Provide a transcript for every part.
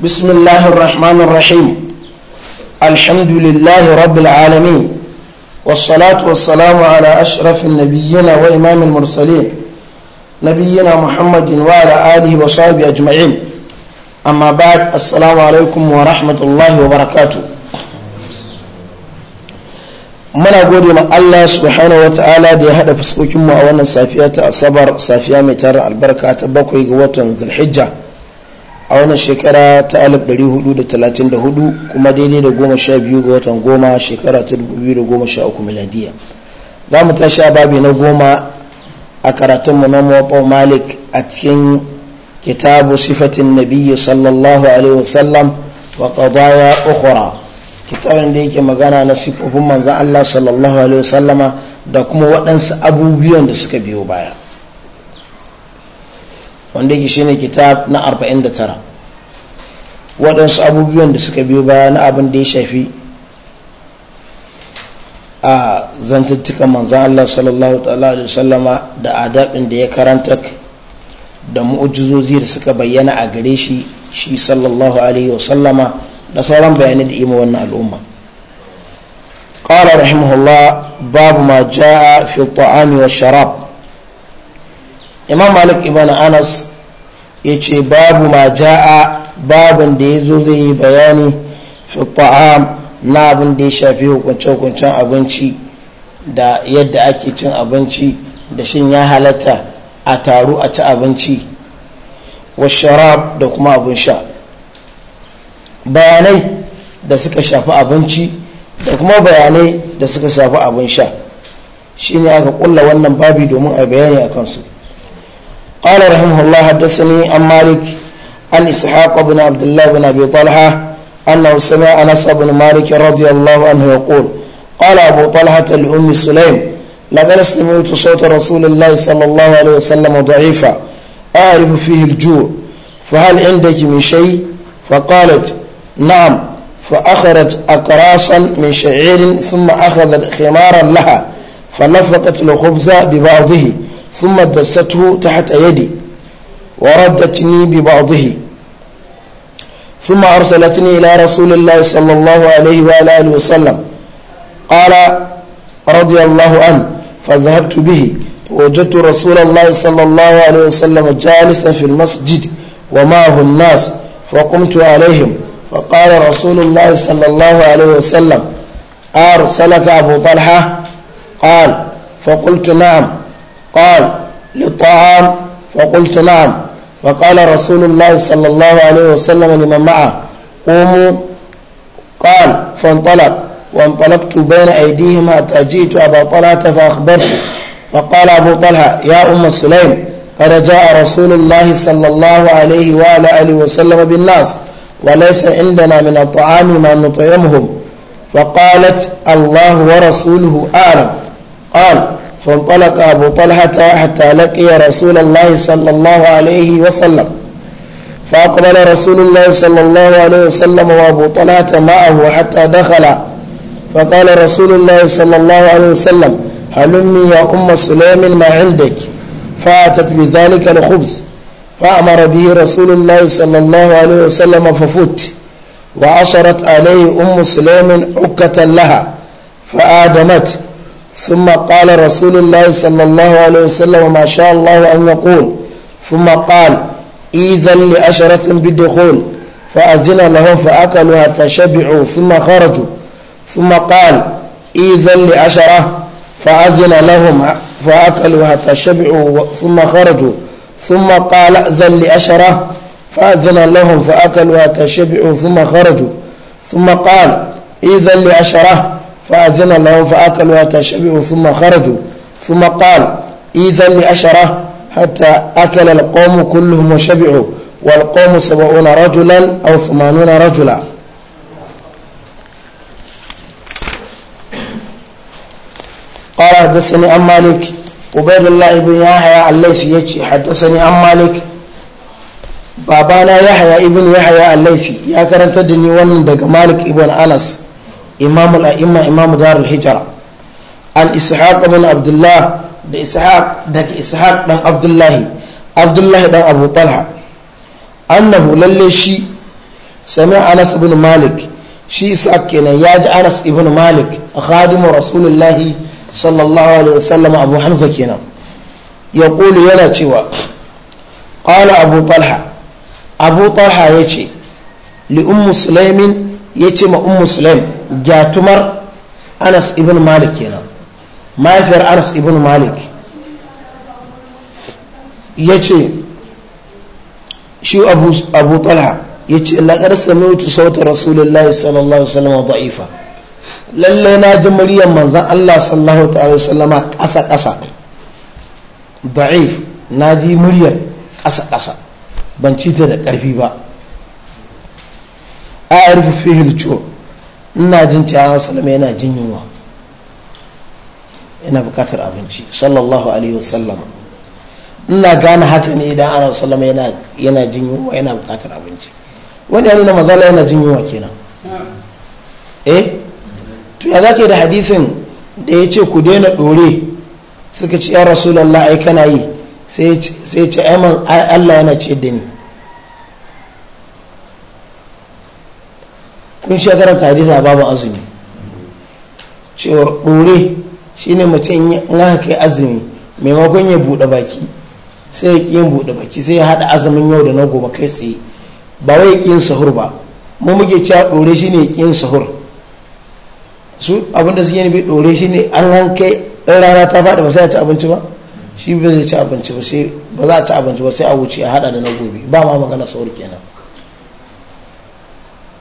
بسم الله الرحمن الرحيم الحمد لله رب العالمين والصلاة والسلام على أشرف النبيين وإمام المرسلين نبينا محمد وعلى آله وصحبه أجمعين أما بعد السلام عليكم ورحمة الله وبركاته muna gode ma Allah subhanahu wa ta'ala da ya haɗa fuskokinmu a wannan safiya ta asabar safiya mai tara albarka ta bakwai ga watan zulhijja a wannan shekara ta 1434 kuma daidai da goma sha biyu ga watan goma shekara ta 2013 miladiya za mu tashi a babi na goma a karatunmu na mawaɓa malik a cikin kitabu sifatin nabiyyi sallallahu alaihi wasallam wa qadaya ukhra kitabin da yake magana na sifofin manzan Allah sallallahu alaihi wasallama da kuma waɗansu abubuwan da suka biyo baya wanda yake shine kitab na 49 waɗansu abubuwan da suka biyo baya na abin da ya shafi a zantattukan manzan Allah sallallahu alaihi wasallama da adabin da ya karanta da mu'ujizozi da suka bayyana a gare shi shi sallallahu alaihi wasallama da sauran bayanai da ima wannan al'umma قال رحمه الله باب ما جاء في الطعام والشراب imam malik ibn anas ya ce babu ma ja'a babin da ya zo zai yi bayani fi ta'am na abin da ya shafi hukunce-hukuncen abinci da yadda ake cin abinci da shin ya halatta a taru a ci abinci wa sharab da kuma abin sha bayanai da suka shafi abinci da kuma bayanai da suka shafi abin sha shine aka kulla wannan babi domin a bayani a kansu قال رحمه الله حدثني عن مالك عن إسحاق بن عبد الله بن أبي طلحة أنه سمع أنس بن مالك رضي الله عنه يقول قال أبو طلحة لأم سليم لقد سمعت صوت رسول الله صلى الله عليه وسلم ضعيفا أعرف فيه الجوع فهل عندك من شيء فقالت نعم فأخرت أقراصا من شعير ثم أخذت خمارا لها فلفقت الخبز ببعضه ثم دسته تحت أيدي وردتني ببعضه ثم أرسلتني إلى رسول الله صلى الله عليه وآله وسلم قال رضي الله عنه فذهبت به وجدت رسول الله صلى الله عليه وسلم جالسا في المسجد ومعه الناس فقمت عليهم فقال رسول الله صلى الله عليه وسلم أرسلك أبو طلحة قال فقلت نعم قال للطعام فقلت نعم فقال رسول الله صلى الله عليه وسلم لمن معه قوموا قال فانطلق وانطلقت بين أيديهم حتى جئت أبا طلحة فأخبرته فقال أبو طلحة يا أم سليم قد جاء رسول الله صلى الله عليه وعلى آله وسلم بالناس وليس عندنا من الطعام ما نطعمهم فقالت الله ورسوله أعلم قال فانطلق أبو طلحة حتى لقي رسول الله صلى الله عليه وسلم فأقبل رسول الله صلى الله عليه وسلم وأبو طلحة معه حتى دخل فقال رسول الله صلى الله عليه وسلم هلمي يا أم سليم ما عندك فأتت بذلك الخبز فأمر به رسول الله صلى الله عليه وسلم ففوت وعشرت عليه أم سليم عكة لها فآدمت ثم قال رسول الله صلى الله عليه وسلم ما شاء الله أن يقول ثم قال إذا لأشرة بالدخول فأذن لهم فأكلوا حتى ثم خرجوا ثم قال إذا لأشرة فأذن لهم فأكلوا حتى ثم خرجوا ثم قال أذن لأشرة فأذن لهم فأكلوا حتى ثم خرجوا ثم قال إذا لأشرة فأذن لهم فأكلوا وتشبعوا ثم خرجوا ثم قال إذا لأشرة حتى أكل القوم كلهم وشبعوا والقوم سبعون رجلا أو ثمانون رجلا قال حدثني عن مالك عبيد الله بن يحيى الليثي يجي حدثني عن مالك بابانا يحيى ابن يحيى الليثي يا كرنت دني wannan daga مالك ابن انس إمام الأئمة إمام دار الهجرة عن إسحاق بن عبد الله ده إسحاق ده إسحاق بن عبد الله عبد الله بن أبو طلحة أنه للشي سمع أنس بن مالك شي إسحاق كنا ياج أنس بن مالك خادم رسول الله صلى الله عليه وسلم أبو حمزة كنا يقول يلا تشوا قال أبو طلحة أبو طلحة يجي لأم سليم ya ce ma ummu sulaim gyatumar anas ibn malik kenan mahaifiyar anas ibn malik ya ce shi abu talha ya ce laƙar sami'utu sautar rasulullahi sallallahu alaihi wasallam da'ifa lalle na ji muryar manzan allah sallallahu alaihi wasallam ƙasa ƙasa da'if na ji muryar ƙasa ƙasa ban ci ta da ƙarfi ba a arfi fihil ciwo ina jin cewa salama yana jin yunwa yana bukatar abinci sallallahu alaihi wasallam ina gane haka ne idan ana salama yana jin yunwa yana bukatar abinci wani yana nuna mazala yana jin yunwa kenan eh to ya zaka da hadisin da ya ce ku daina dore suka ce ya rasulallah ai kana yi sai ya ce ai Allah yana ce da ni kun shekarar tarihi a babu azumi cewar ɗore shine mutum in aka kai azumi maimakon ya buɗe baki sai ya ƙi buɗe baki sai ya haɗa azumin yau da na gobe kai tsaye ba wai yin sahur ba mu muke cewa ɗore shine ya yin sahur su abinda suke bai ɗore shine an kai ɗan rana ta faɗi ba sai a ci abinci ba shi ba zai ci abinci ba sai ba za a ci abinci ba sai a wuce a haɗa da na gobe ba ma magana sahur kenan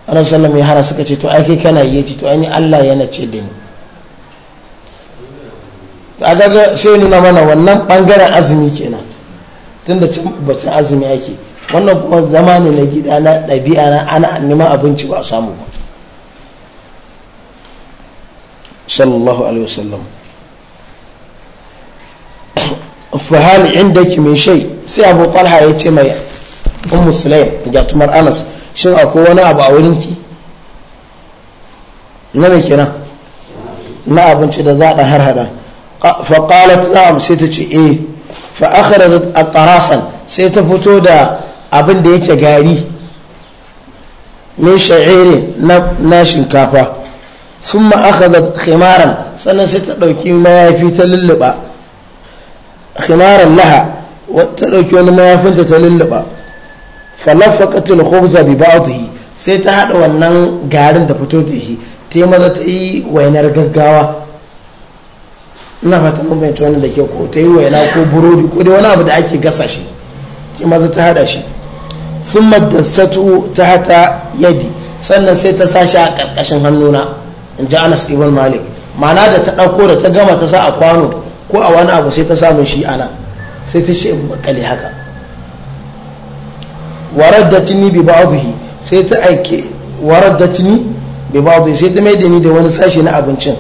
annabi sallallahu ya hara suka ce to ai kai kana yi ce to ai Allah yana ce da ni to aga sai nuna mana wannan bangaren azumi kenan tunda batun azumi ake wannan kuma zama ne na gida na ɗabi'a na ana neman abinci ba a samu ba sallallahu alaihi wasallam fahal indaki min shay sai abu talha ya ce mai ummu sulaim ga tumar anas shin akwai wani abu a wurinki na mai kira na abinci da za a har hada faƙalat na'am sai ta ce eh fa akhrajat at-tarasan sai ta fito da abin da yake gari min sha'iri na shinkafa thumma akhadhat khimaran sannan sai ta dauki mayafi ta lulluba khimaran laha ta dauki wani mayafinta ta lulluba falafaqatul khubza bi ba'dhi sai ta hada wannan garin da fito da shi ta maza ta yi wainar gaggawa ina fata mun bai wannan da ke ko ta yi waina ko burodi ko dai wani abu da ake gasa shi ta maza ta hada shi thumma ta hata yadi sannan sai ta sashi a karkashin hannuna in ji Anas ibn Malik ma'ana da ta ɗauko da ta gama ta sa a kwano ko a wani abu sai ta samu shi ana sai ta shi makale haka waradatini bi ba'dhihi sai ta aike waradatini bi ba'dhihi sai ta mai da ni da wani sashe na abincin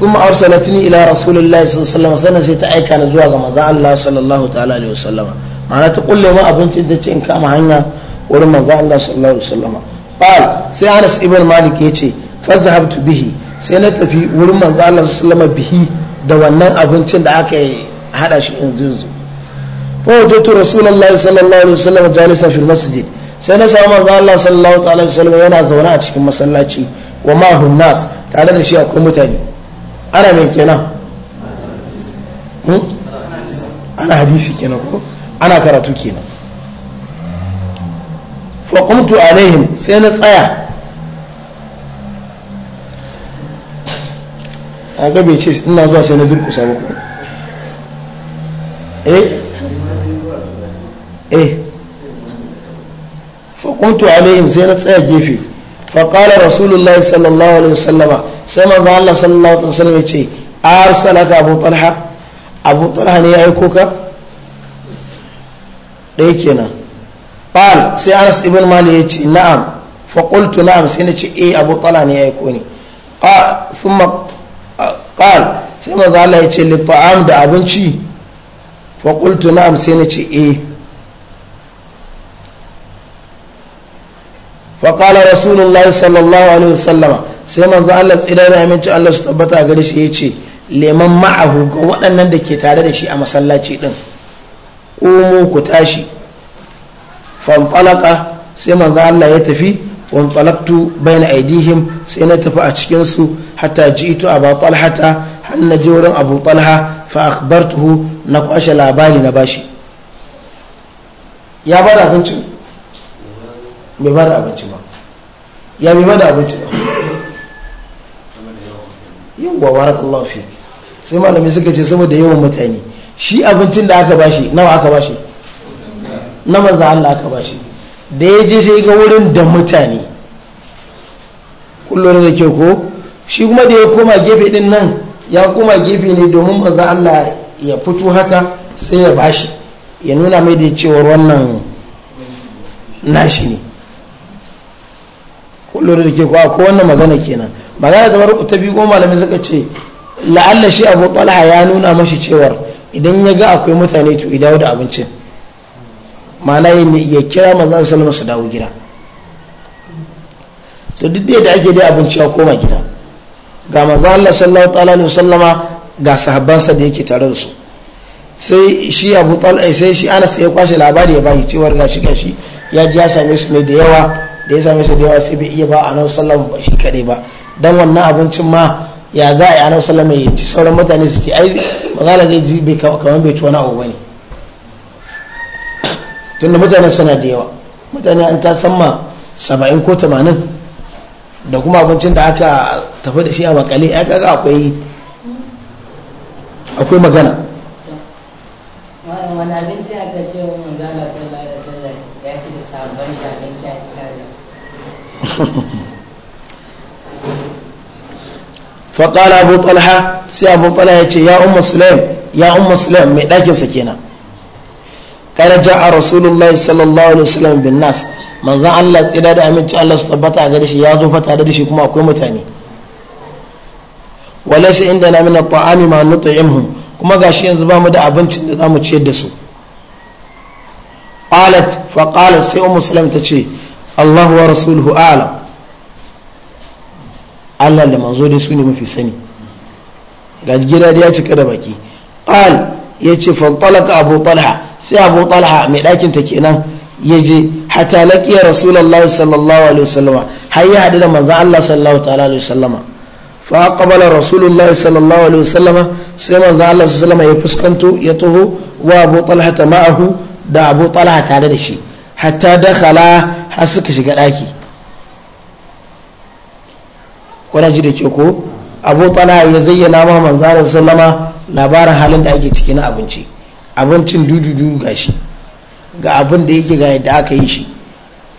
kuma arsalatini ila rasulullahi sallallahu alaihi wasallam sai ta aika ni zuwa ga manzon Allah sallallahu ta'ala alaihi wasallam ma'ana ta kulle ma abincin da cin kama hanya wurin manzon Allah sallallahu alaihi wasallam qal sai Anas ibn Maliki yace fa dhahabtu bihi sai na tafi wurin manzon Allah sallallahu bihi da wannan abincin da aka hada shi in zuzu فوجدت رسول الله صلى الله عليه وسلم جالسا في المسجد sai na samu manzo Allah sallallahu ta'ala alaihi wasallam yana zaune a cikin masallaci wa ma nas tare da shi akwai mutane ana mai kenan ana hadisi kenan ko ana karatu kenan fa qumtu alaihim sai na tsaya a bai ce ina zuwa sai na durkusa ba eh eh fakuntu alaihim sai na tsaya gefe faƙala rasulullahi sallallahu alaihi wasallama sai manzo Allah sallallahu alaihi wasallam ya ce salaka abu talha abu talha ne ya aiko ka ɗaya kenan ɓal sai Anas ibn mali ya ce na'am faƙultu na'am sai na ce e abu talha ne ya aiko ni ƙal sai manzo Allah ya ce littu'am da abinci faƙultu na'am sai na ce e faƙala rasulullahi sallallahu alaihi wasallama sai manzo Allah tsira da aminci Allah su tabbata a gare shi ya ce leman ma'ahu ga waɗannan da ke tare da shi a masallaci ɗin umu ku tashi fanfalaka sai manza Allah ya tafi fanfalaktu bayna aidihim sai na tafi a cikin su hatta ji'itu abu talhata har na je wurin abu talha fa akhbartuhu na kwashe labari na bashi ya bada abincin mai ba da abinci ba ya mai ba da abinci ba yawwa allah fi sai malami suka ce saboda yawan mutane shi abincin da aka bashi nawa aka bashi na manza Allah aka bashi da ya je sai ga wurin da mutane kullum da ke ko shi kuma da ya koma gefe din nan ya koma gefe ne domin manza Allah ya fito haka sai ya bashi ya nuna mai da cewar wannan nashi ne kullum da ke kuwa ko wannan magana kenan magana ta farko ta biyu malamin suka ce la'alla shi abu talha ya nuna mashi cewar idan ya ga akwai mutane to idawo da abincin ma'ana ya kira manzan salama su dawo gida to duk da yadda ake dai abinci ya koma gida ga mazan Allah sallallahu ta'ala alaihi wasallama ga sahabbansa da yake tare da su sai shi abu talha sai shi anas ya kwashe labari ya bayi cewar gashi gashi ya ji ya same su ne da yawa da ya same shi da yawa sai bai iya ba a nan ba shi kaɗai ba dan wannan abincin ma ya za a yi a nan ya ci sauran mutane su ce ai mazala zai ji bai kamar bai ci wani abu ba ne tunda mutane suna da yawa mutane an ta ma saba'in ko tamanin da kuma abincin da aka tafi da shi a makale ya kaga akwai akwai magana faƙala abu talha sai abu talha ya ce ya umma sulaim ya sulaim mai ɗakinsa kenan kada ja a rasulullahi sallallahu alaihi wasallam bin nas manzan allah tsira da aminci allah su tabbata a gare shi ya zo fata da shi kuma akwai mutane walaysa inda na at-ta'ami ma nut'imhum kuma gashi yanzu ba mu da abincin da zamu ciyar da su qalat fa qalat sai ummu sulaim ta ce allahu wa rasuluhu ala Allah da manzo dai su ne mafi sani ga gida da ya cika da baki qal yace fa talaka abu talha sai abu talha mai dakin ta kenan yaje hatta laqiya rasulullahi sallallahu alaihi wasallama har ya hadu da manzo Allah sallallahu ta'ala alaihi wasallama fa qabala rasulullahi sallallahu alaihi wasallama sai manzo Allah sallallahu alaihi wasallama ya fuskanto ya taho wa abu talha ma'ahu da abu talha tare da shi hatta kala har suka shiga daki kuna ji da ke ko abu tala ya zayyana ma manzalar sallama labarin halin da ake ciki na abinci abincin dududu ga shi ga abin da yake ga yadda aka yi shi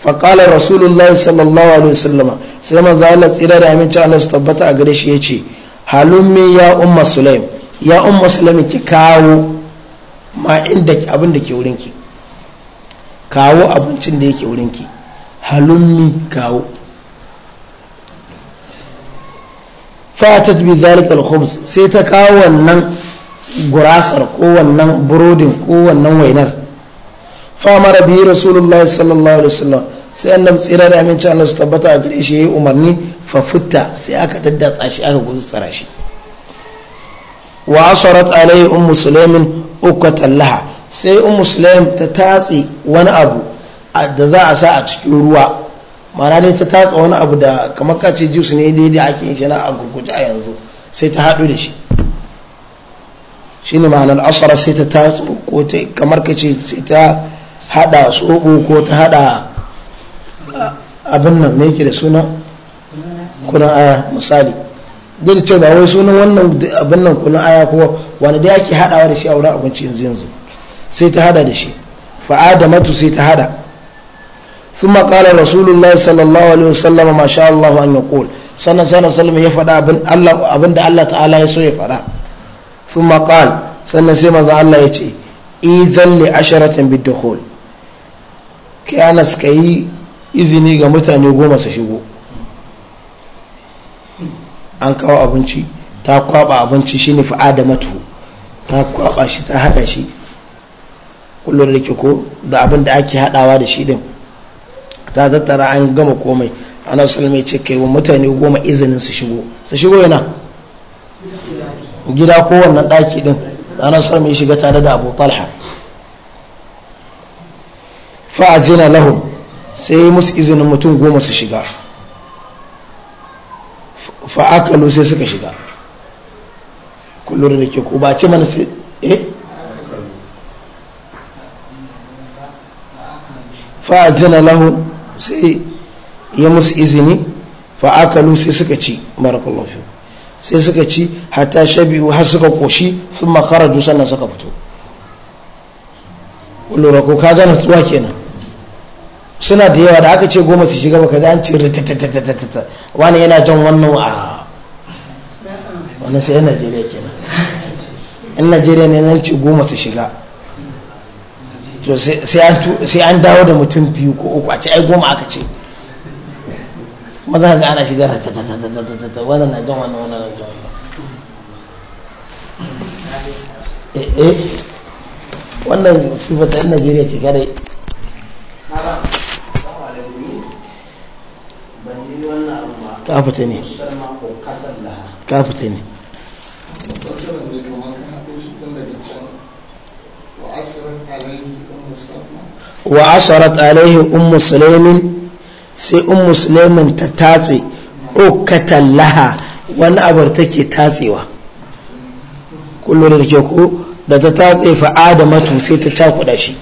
faƙalar rasulullahi sallallahu alaihi wasallama sai manzo Allah tsira da aminci Allah su tabbata a gare shi ya halummi ya umma sulaim ya umma sulaim ki kawo ma inda abin da ke wurinki kawo abincin da yake wurinki halummi kawo fatat bi zalika al-khums sai ta kawo wannan gurasar ko wannan burodin ko wannan wainar famara biyu rasulullahi sallallahu alaihi wasallam sai annab tsira da aminci Allah su tabbata a gare shi yayi umarni fa futta sai aka daddatsa shi aka guzu tsara shi wa asarat alai ummu sulaimin uku tallaha sai in um sulaim ta tatse wani abu da za a sa a cikin ruwa mana dai ta tatsa wani abu da kamar kace jus ne dai ake yin shi na a gurguje a yanzu sai ta haɗu da shi shi ne ma'anar asara sai ta tatsa ko ta kamar kace sai ta haɗa tsobo ko ta haɗa abin nan me yake da suna kuna aya misali dai da cewa ba wai sunan wannan abin nan kuna aya ko wani dai ake haɗawa da shi a wurin abincin yanzu yanzu sai ta hada da shi fa'adamatu sai ta hada sun makalar rasulullah sallallahu ma sha Allah an yi kul sannan sai rasulullah ya fada abin Allah ta'ala ya so ya fada sun makal sannan sai maza Allah ya ce izan li asharatin bidda kul kiyana suka yi izini ga mutane goma su shigo an kawo abinci ta kwaba abinci shi ne fa'adamatu ta kwaba shi ta hada shi kullum da ke ko da abin da ake haɗawa da shi din ta tattara an gama komai ana sulama ya ce kai wa mutane goma izinin su shigo su shigo yana gida ko wannan ɗaki din ana sulama ya shiga tare da abu talha fa'adina lahum sai musu izinin mutum goma su shiga fa'akalu sai suka shiga kullum da ke ko ba ce mana sai eh fa'adina lahu sai ya musu izini fa'akalu sai suka ci barakallahu sai suka ci hata shabi har suka koshi sun makara nan suka fito lura ko ka na tsuwa kenan suna da yawa da aka ce goma su shiga baka an ce ritatatatatatata yan najeriya goma su shiga to sai an dawo da mutum biyu ko uku a ce ai goma aka ce maza ga ana shiga ta wannan na jan wannan wannan na jan wannan eh, eh. wannan sifata yan najeriya ce kadai ka fita ne ka fita ne وأسرت عليه wa asharat alaihi ummu sulaimin sai ummu sulaimin ta tatse ukatan laha wani abar take tatsewa kullum da ke ku da ta tatse fa adamatu sai ta cakuda shi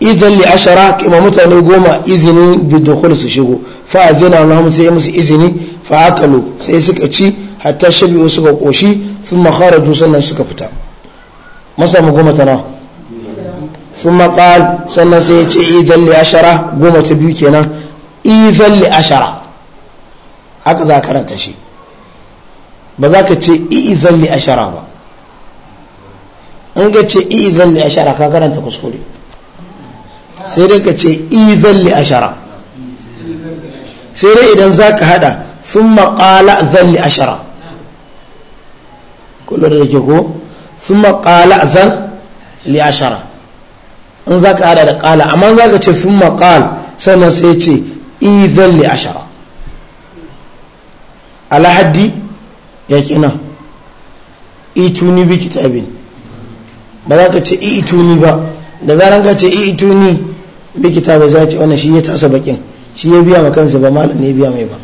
idan li ashara kima mutane goma izinin bi su shigo fa azina lahum sai musu izini fa akalu sai suka ci hatta shabi'u suka koshi sun makharaju sannan suka fita masa mu goma tana sun maƙal sannan sai ya ce idan eh, li ashara goma ta biyu kenan idan eh, li ashara haka za a karanta shi ba za ka ce idan eh, li ashara ba in ka ce idan li ashara ka karanta kuskure sai dai ka ce idan li ashara sai dai idan za ka hada sun maƙala zan li ashara kullum da ke ko sun maƙala zan li ashara in za ka hada da kala amma za ka ce sun maƙal sannan sai ce idan li ashara alhaddi ya kina ituni bi kitabin ba za ka ce ituni ba da zaren ka ce ituni bi kitabin za ce wannan shi ya tasa bakin shi ya biya makansa kansa ba malam ne biya mai ba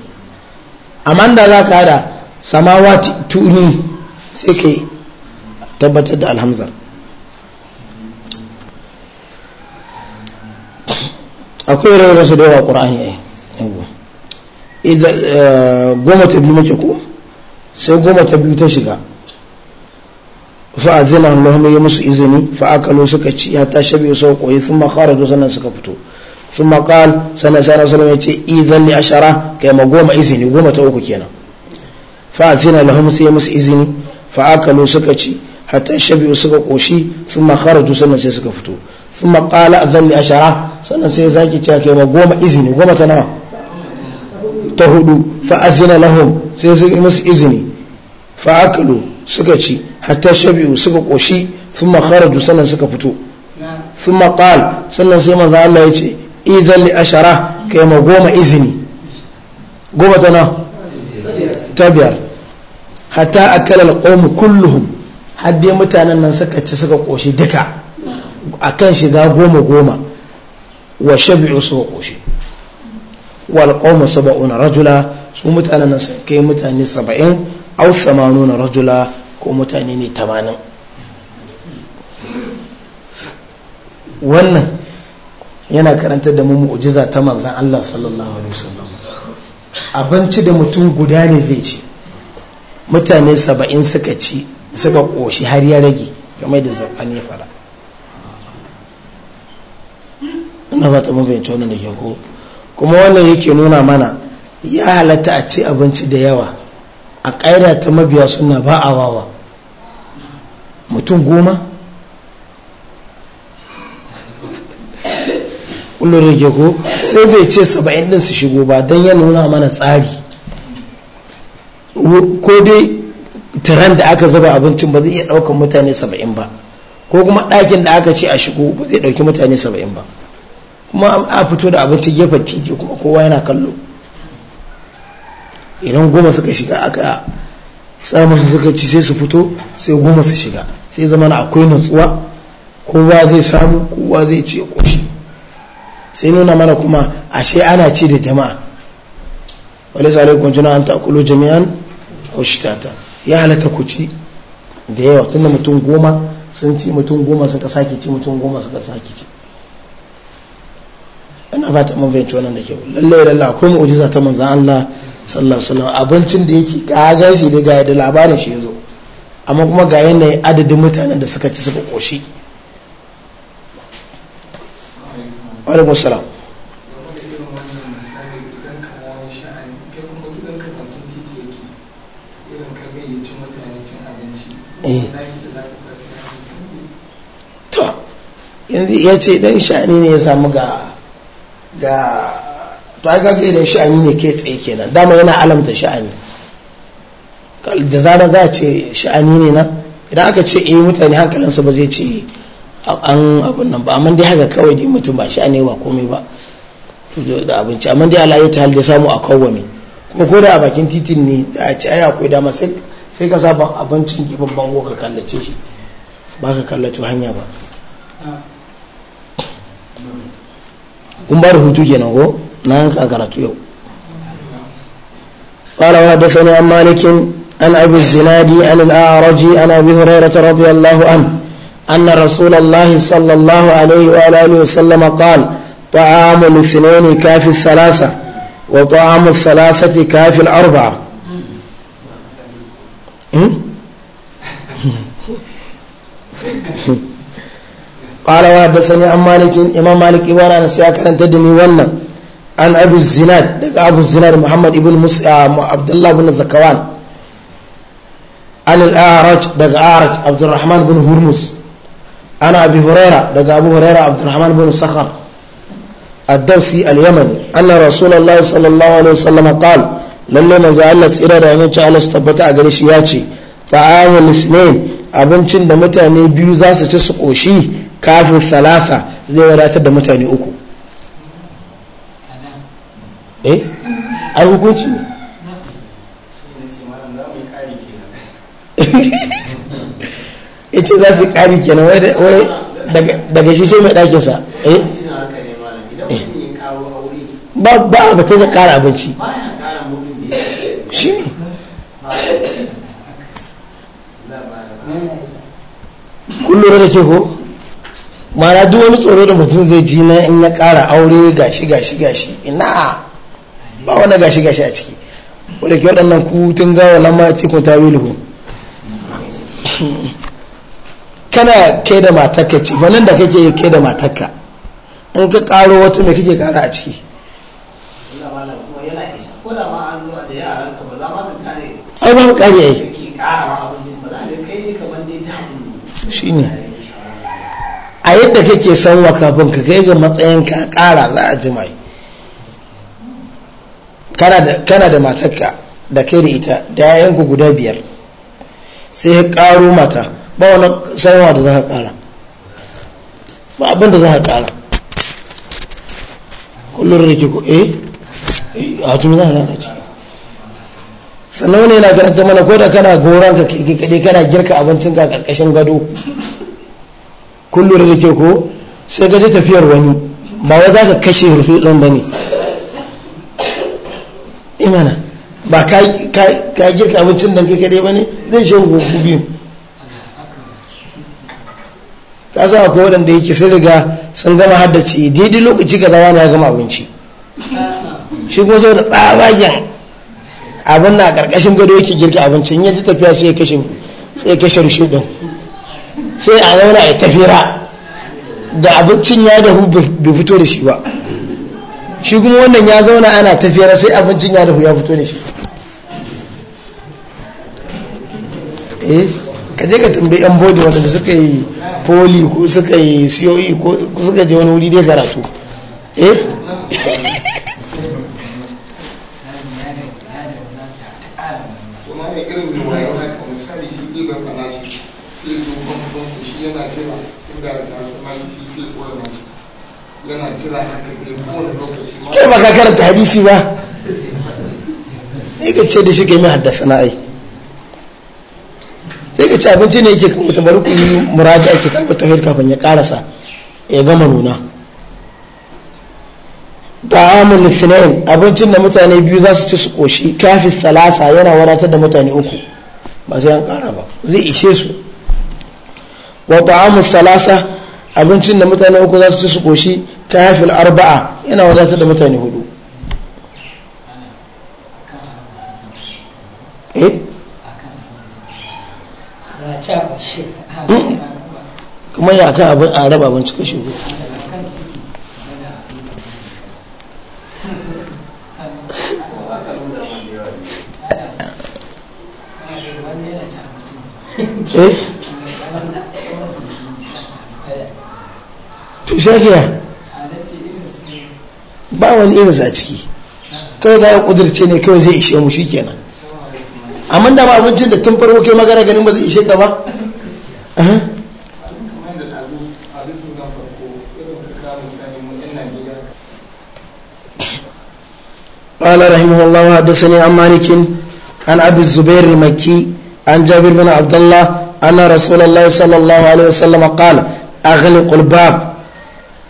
amma da za ka hada samawa tuni sai ka tabbatar da alhamzar akwai rai rasu da yawa ƙura'ani yi eh, goma ta biyu mace ko sai goma ta biyu ta shiga fa'azina Allahumma ya musu izini fa'a kalo suka ci ya ta shabe sau koyi sun makara da sannan suka fito sun makal sannan sana sallam ya ce idan li ashara yi ma goma izini goma ta uku kenan zina allah sai ya musu izini fa'a kalo suka ci hatta shabe suka koshi sun makara da sannan sai suka fito sun makala zan li ashara sannan sai zaki cewa kai ma goma izini goma ta nawa ta hudu fa lahun lahum sai su musu izini fa suka ci hatta shabi'u suka koshi sun kharaju sannan suka fito thumma qal sannan sai manzo Allah ya ce idan li ashara kai ma goma izini goma ta nawa ta biyar hatta a akala alqawm kulluhum haddai mutanen nan suka ci suka koshi duka akan shiga goma goma wa shabi'u su ƙoshi wal qawmu sab'una rajula su mutanen sun kai mutane saba'in rajula ko wannan yana karantar da mu mu'jiza ta manzan Allah sallallahu alaihi wasallam abinci da mutum guda ne zai ci mutane saba'in suka ci suka ƙoshi har ya rage game da zarfan ya fara na fata mun wannan da ke ko kuma wannan yake nuna mana ya halatta a ci abinci da yawa a ƙaida ta mabiya suna ba a wawa mutum goma kullum da ke ko sai bai ce saba'in din su shigo ba don ya nuna mana tsari ko dai tiran da aka zaba abincin ba zai iya ɗaukan mutane saba'in ba ko kuma ɗakin da aka ce a shigo ba zai ɗauki mutane saba'in ba kuma a fito da abinci gefen titi kuma kowa yana kallo idan goma suka shiga aka musu suka ci sai su fito sai goma su shiga sai zama na akwai nutsuwa kowa zai samu kowa zai ce koshi sai nuna mana kuma ashe ana ci da jama'a wale sa alaikun an takulo jami'an kushitata ya halatta ku ci da yawa tunda mutum goma sun ci mutum goma suka sake ci mutum goma suka sake ci ina ba ta mun fahimci wannan da kyau lallai lalla akwai mu'jiza ta manzon Allah sallallahu alaihi wasallam abincin da yake ga shi da ga da labarin shi yazo amma kuma ga yanayin adadin mutanen da suka ci suka koshi alaikum salam eh. yanzu ya ce dan sha'ani ne ya samu ga ga to ai ga idan sha'ani ne ke tsaye kenan dama yana alamta sha'ani da zara za a ce sha'ani ne na idan aka ce eh mutane hankalinsu ba zai ce an abin nan ba amma dai haka kawai dai mutum ba sha'ani ba komai ba da abinci amma dai ala ta halde samu a ne kuma ko da a bakin titin ne a ci ai akwai dama sai sai ka sa abincin ki babban ka kallace shi ba ka kallato hanya ba ah. كمبار ba da نانك kenan قال وحدثني عن مالك عن أبي الزنادي عن الأعرج عن أبي هريرة رضي الله عنه أن رسول الله صلى الله عليه وآله وسلم قال طعام الاثنين كاف الثلاثة وطعام الثلاثة كاف الأربعة قال وحدثني عن مالك إمام مالك إبانا أنا سيأكل تدني ونن عن أبي الزناد أبو الزناد محمد ابن مس... عبد الله بن ذكوان عن الأعرج دق أعرج عبد الرحمن بن هرمز عن أبي هريرة دق أبو هريرة عبد الرحمن بن صخر الدوسي اليمني أن رسول الله صلى الله عليه وسلم قال lalle maza Allah tsira da aminci Allah su tabbata a gare shi ya ce ta'amul ismain abincin da mutane biyu za su ci su koshi kafu salasa zai wadatar da mutane uku eh a hukunci ne ya ce za su kari kenan wai daga shi sai mai ɗakinsa eh ba a ba da ƙara abinci shi ne kullum da ke ko? mana duk wani tsoro da mutum zai ji na in ya ƙara aure gashi gashi gashi ina ba wani gashi gashi a ciki wadda ke waɗannan kutun gawa lamma a cikin ta wilu kana ke da matakka ce wannan da kake ke da matakka in ka ƙaro wata mai kake ƙara a ciki ai ba mu ƙari ai shi ne a yadda kake sanwa kafin ka kai ga matsayin ka kara za a jima'i kana da matakka da kai da ita da yayanku guda biyar sai ya karo mata ba wani sanwa da za ka kara ba abin da za ka kara kullum da ke ku eh, eh a tun za a ce. sannan wani yana karanta mana ko da kana goron ka kadai kana girka abincin ka karkashin gado kun lura da ke ko sai gaji tafiyar wani ba wa za ka kashe rufe ɗan ba ne imana ba ka girka abincin da kai kaɗai ba ne zai shi ku biyu ka sa akwai waɗanda yake sai daga sun gama haddace daidai lokaci ga zama ya gama abinci shi kuma saboda tsabagen abin na ƙarƙashin gado yake girka abincin yadda tafiya sai ya kashe kashe rushe ɗin sai a zauna a tafira da abincin ya dahu bai fito da shi ba shi kuma wannan ya zauna ana tafiyar sai abincin ya dahu ya fito da shi eh ka je ka tambayi yan bodi wanda suka yi poli ko suka yi coe ko suka je wani wuri dai karatu eh ba ka karanta hadisi ba sai ka ce da shi ka yi haddasa na ai sai ka ce abinci ne yake kan mutum bari ku yi muraji ake ta hirka ban ya karasa ya gama nuna amin sinain abincin da mutane biyu za su ci su koshi kafin salasa yana wadatar da mutane uku ba sai an kara ba zai ishe su wata ta'amun salasa abincin da mutane uku za su ci su koshi ta hafil arba'a yana wadatar da mutane hudu eh? kuma ya kan abin a raba abinci kashi hudu eh shafiya ba wani irinsa a ciki kawai za a kudirce ne kawai zai ishe mu shi kenan amma da ba abincin da tun farko kai magana ganin ba zai ishe ka ba قال رحمه الله حدثني عن مالك عن ابي الزبير المكي عن جابر بن عبد الله ان رسول الله صلى الله عليه وسلم قال اغلق الباب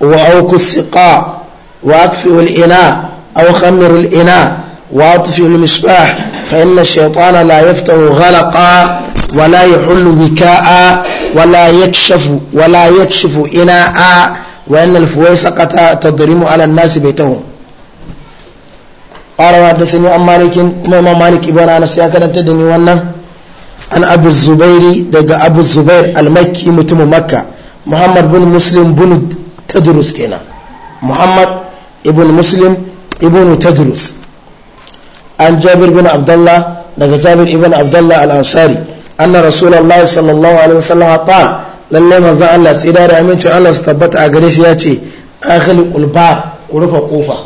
وأوك السقاء وأكفئ الإناء أو خمر الإناء وأطفئ المصباح فإن الشيطان لا يفتح غلقا ولا يحل بكاء ولا يكشف ولا يكشف إناء وأن الفويسقة تضرم على الناس بيتهم قال وحدثني عن مالك امام مالك ابن انس يا كان تدني وانا عن ابو الزبير دغ ابو الزبير المكي متم مكه محمد بن مسلم بن tadrus kenan muhammad ibn muslim ibn tadrus an jabir bin abdullah daga jabir ibn abdullah al-ansari anna rasulullahi sallallahu alaihi wasallam qal lalle manzo Allah tsira da aminci Allah su tabbata a gare shi yace akhliqul qulba ku rufe kofa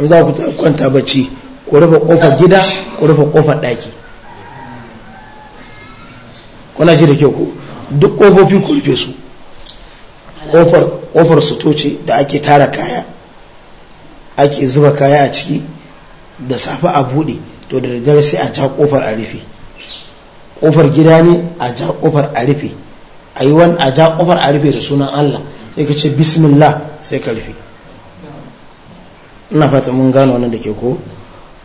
in za ku kwanta bacci ku rufe kofar gida ku rufe kofar daki kuna ji da kyau ku duk kofofi ku rufe su kofar suto ce da ake tara kaya ake zuba kaya a ciki da safe a buɗe to da daddare sai a ja kofar a rufe kofar gida ne a ja kofar a rufe a yi wani a ja kofar a rufe da sunan allah sai ka ce bismillah sai ka rufe ina fata mun gano wannan da ke ko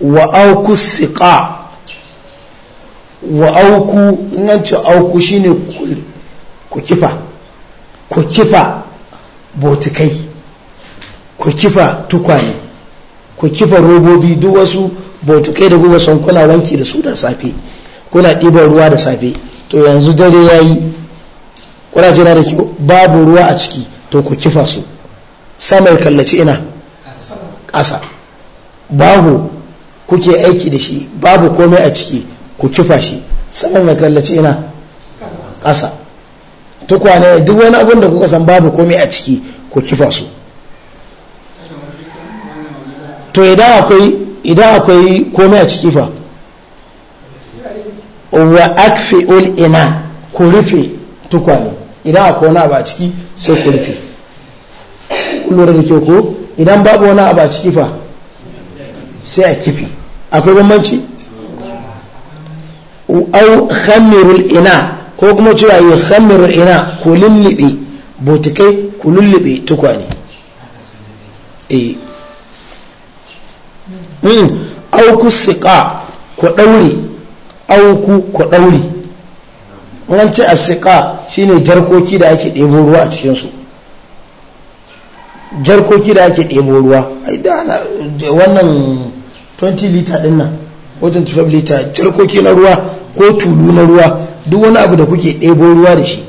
wa auku siqa wa auku in auku shine ku kifa ku kifa botikai ku kifa tukwane ku kifa robobi duk wasu botikai da guba son kuna wanki da su da safe kuna ɗiban ruwa da safe to yanzu dare ya yi kuna jira da babu ruwa a ciki to ku kifa su sama ya kallaci ina ƙasa babu kuke aiki da shi babu komai a ciki ku kifa shi sama ya kallaci ina ƙasa tukwane duk wani abin da kuka san babu komai a ciki ku kifa su to idan akwai idan akwai komai a ciki fa wa ul ina ku rufe tukwane idan akwai wani abu a ciki sai ku rufe lura da ke ko idan babu wani abu a ciki fa sai a kifi akwai bambanci au khamirul ina ko kuma cewa yi khamiru ina ku lullube botikai ku lullube tukwane eh. hmm. auku siƙa ku ɗaure auku ku ɗaure an ce a siƙa shine jarkoki da ake ɗebo ruwa a cikinsu jarkoki da ake ɗebo ruwa da wannan 20 litre ɗin nan ko 25 litre jarkoki na ruwa ko tulu na ruwa duk wani abu da kuke ɗebo ruwa da shi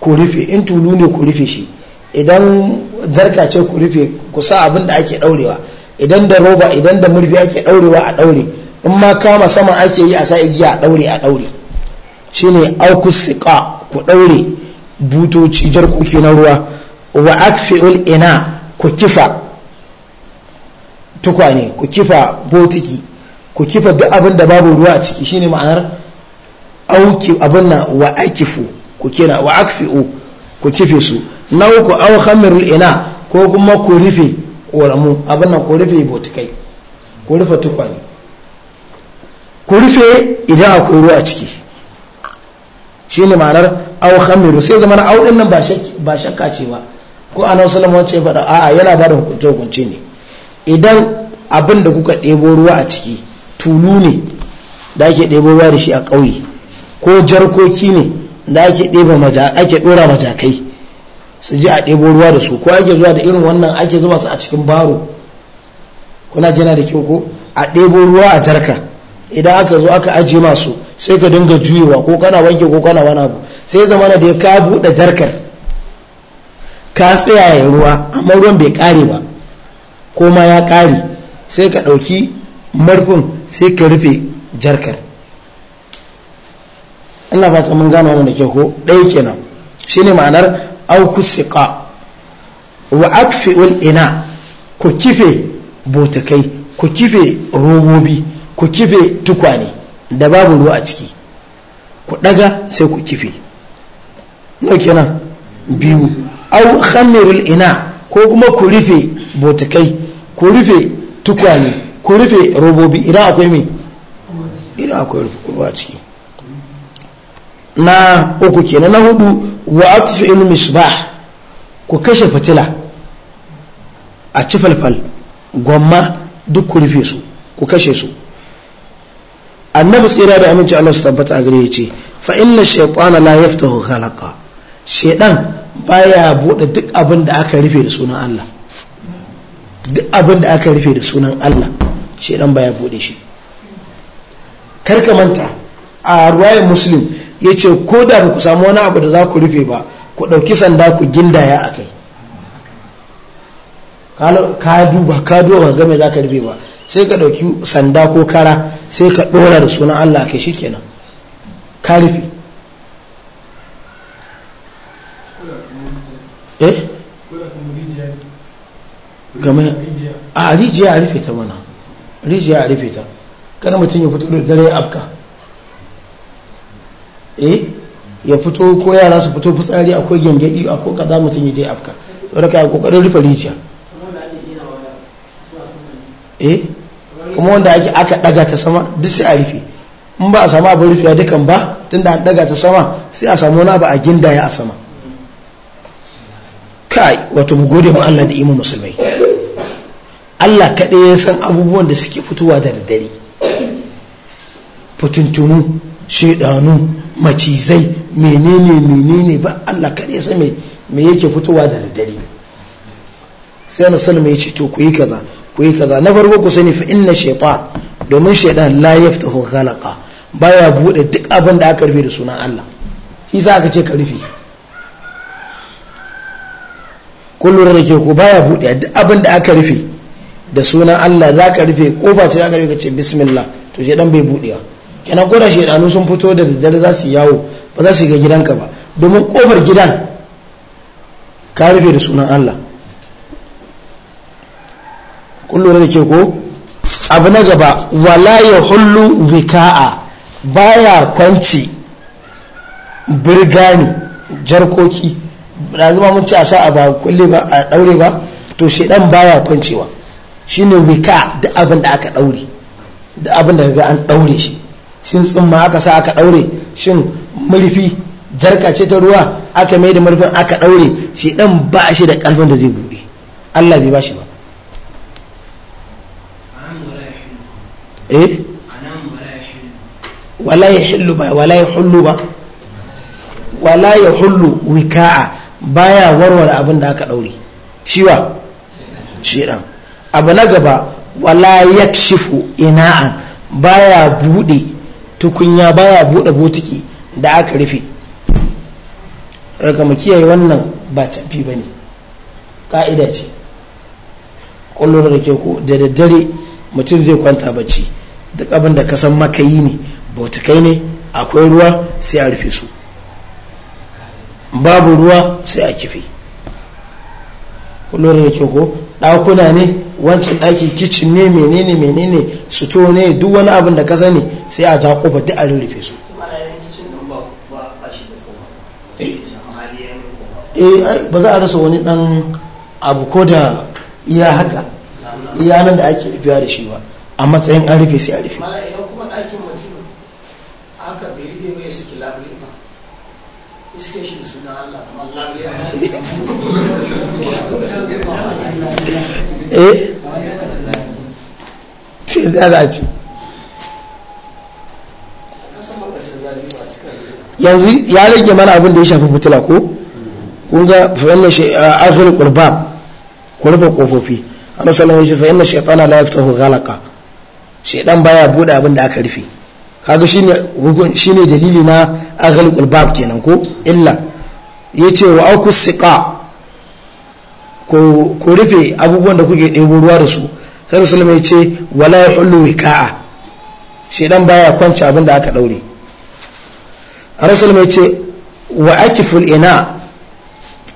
ku rufe in tulu ne ku rufe shi idan zarka ce ku rufe ku sa abin da ake ɗaurewa idan da roba idan da murfi ake ɗaurewa a ɗaure in ma kama sama ake yi a sa igiya a ɗaure a ɗaure shine aukusika ku ɗaure butoci jarkoki na ruwa wa akfi'ul ina ku kifa tukwane ku kifa botiki ku kifa duk abin da babu ruwa a ciki shine ma'anar auki abin na wa akifu ku kira wa akfi'u ku kife su na uku au khamirul ina ko kuma ku rufe ƙoramu abin na ku rufe botikai ku rufe tukwane ku rufe idan akwai ruwa a ciki shi ne ma'anar au khamiru sai zama na auɗin nan ba shakka ce ba ko a nausalam ce faɗa a'a yana ba da hukunce hukunce ne idan abin da kuka ɗebo ruwa a ciki tulu ne da ake ɗebo ruwa da shi a ƙauye ko jarkoki ne da ake ɗeba maja ake ɗora majakai su ji a ɗebo ruwa da su ko ake zuwa da irin wannan ake zuba su a cikin baro kuna jina da kyau ko a ɗebo ruwa a jarka idan aka zo aka ajiye masu sai ka dinga juyewa ko kana wanke ko kana wani abu sai zama da ya ka buɗe jarkar ka tsaya ruwa amma ruwan bai ƙare ba ko ma ya ƙare sai ka ɗauki marfin sai ka rufe jarkar ba ka mun gano wannan da ke ko ɗaya kenan shine ma'anar au kusika wa akfi ina ku kife botakai ku kife robobi ku kife tukwane da babu ruwa a ciki ku ɗaga sai ku kife no kenan biyu au khamirul ina ko kuma ku rufe botakai ku rufe tukwane ku rufe robobi idan akwai mai idan akwai ruwa ciki na uku kenan na hudu wa atfi'il misbah ku kashe fitila a ci falfal gwamma duk ku rufe su ku kashe su annabi tsira da aminci Allah su tabbata a gare ya ce fa inna shaytana la yaftahu khalaqa ba baya bude duk abin da aka rufe da sunan Allah duk abin da aka rufe da sunan Allah ba baya bude shi karka manta a ruwayar muslim ya ce ko da ku samu wani abu da za ku rufe ba ku ɗauki sanda ku gindaya a kai ka duba ka duba ba game za ka rufe ba sai ka ɗauki sanda ko kara sai ka ɗora da sunan allah kai shikenan ka rufe eh? a rijiya a rufe ta mana rijiya a rufe ta kada mutum ya fito da dare afka eh ya fito ko yara su fito fitsari akwai gyangyaɗi akwai kaza mutum ya je afka wadda ka yi kokarin rufe rijiya eh? kuma wanda ake aka daga ta sama duk sai a rufe in ba a samu abin ya dukan ba tunda an ɗaga ta sama sai a samu wani ba a gindaya a sama kai wato mu gode mu Allah da imu musulmai Allah kaɗai ya san abubuwan da suke fitowa da daddare fitintunu shaidanu macizai menene menene ba Allah kaɗai sai mai me yake fitowa da daddare sai na salma ya ce to ku yi kaza ku yi kaza na farko ku sani fa inna shaytan domin shaytan la yaftahu khalaqa baya bude duk abin da aka rufe da sunan Allah shi za aka ce ka rufe kullu da ke ku baya bude duk abin da aka rufe da sunan Allah za ka rufe kofa ce za ka rufe ka ce bismillah to shaytan bai budewa kenan ko da shaidanu sun fito da daddare za su yawo ba za su ga gidanka ba domin kofar gidan ka rufe da sunan Allah kun da ke ko abu na gaba wala ya hullu wika'a baya kwanci birgani jarkoki da zuma mun ci a sa ba kulle ba a daure ba to shaidan baya kwancewa shine wika da abin da aka daure da abin da ga an daure shi shin tsumma aka sa aka daure shin murfi jarka ce ta ruwa aka mai da murfin aka daure shi dan ba shi da karfin da zai bude Allah bai ba shi ba eh wala yahillu ba wala yahullu ba wala yahullu wika'a baya warware abin da aka daure shiwa ɗan abu na gaba wala yakshifu ina'an baya bude tukunya baya bude botiki da aka rufe daga mu kiyaye wannan ba cafi ba ne ƙa'ida ce ƙwallon da ke ko da daddare mutum zai kwanta bacci duk abin da kasan makayi ne botikai ne akwai ruwa sai a rufe su babu ruwa sai a kife ƙwallon da ke ko ɗakuna ne wancan daki kicin ne menene menene to ne duk wani abin da ka sani sai a ja kofa duk a rurrufe su eh, ba za a rasa wani dan abu ko da iya haka iya nan da ake rufiya da shi ba a matsayin an rufe sai a rufe eh yanzu ya rage mana abin da ya shafi fitila ko kun ga fa'inna shi akhir qurbab ku rufe kofofi annabi sallallahu alaihi wasallam tsana shaytana la yaftahu shi shaydan baya buɗe abin da aka rufe kaga shine ne dalili na akhir kenan ko illa ce wa auku siƙa ko rufe abubuwan da kuke ɗebo ruwa da su sai rasul mai ce wala ya hullu wika'a shedan baya kwanci abin da aka daure rasul mai ce wa akiful ina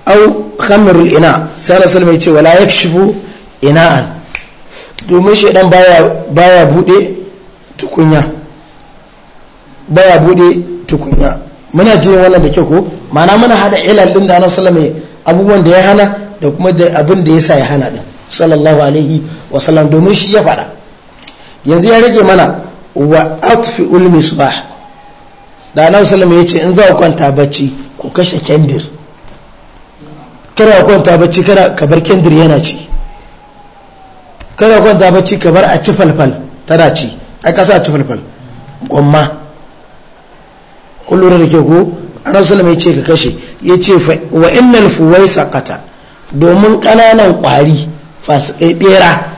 au khamrul ina sai rasul mai ce wala yakshifu ina'an domin shedan baya baya bude tukunya baya bude tukunya muna jiya wannan da kyau ko ma'ana muna hada ilal din da annabi sallallahu alaihi wasallam abubuwan da ya hana da kuma da abin da yasa ya hana din sallallahu alaihi wasallam domin shi ya faɗa yanzu ya rage mana wa atfi ulmi subah da annabi sallallahu ya ce in za ku kwanta bacci ku kashe kendir kada ku kwanta bacci kada ka bar kendir yana ci kada ku kwanta bacci ka bar a ci falfal tana ci ai kasa a ci falfal gomma kullum da ke ko annabi sallallahu ya ce ka kashe ya ce wa innal fuwaisaqata domin ƙananan ƙwari fasikai bera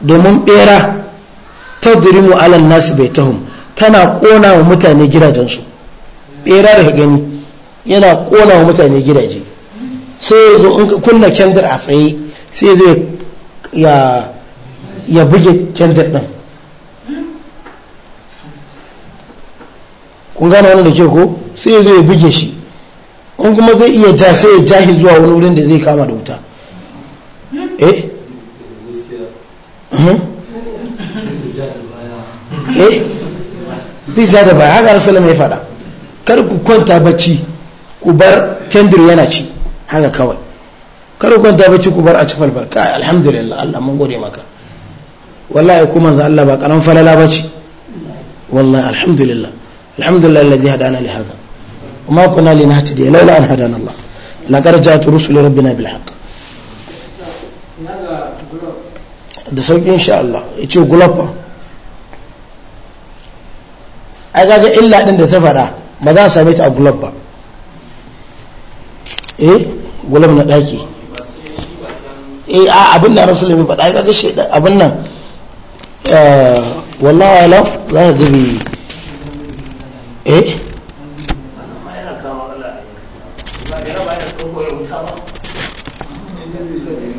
domin bera ta durimu alal nasu bai tahum tana kona wa mutane gidajensu bera da gani yana kona wa mutane gidaje sai ya zo in kunna kendir a tsaye sai zo ya buge kendir din kun gane wani da ke ko sai ya zo ya buge shi in kuma zai iya ja sai ya jahi zuwa wani wurin da zai kama da wuta eh hmm? eh zai ja da baya haka rasulun ya fada kar ku kwanta bacci ku bar kendir yana ci haka kawai kar ku kwanta bacci ku bar a cifar falfal kai alhamdulillah Allah mun gode maka wallahi ku manzo Allah ba karan falala bacci wallahi alhamdulillah alhamdulillah alladhi hadana li hadha وما كنا laula an hadana Allah laqad ja'at rusulu rabbina bil haqq da sauƙi insha Allah ya ce gulafa ai gaga illa ɗin da ta faɗa ba za a same ta a gulab ba eh gulab na ɗaki eh a abin da rasu mai faɗa ai gaga shi abin nan ya eh, alam za ka gabi eh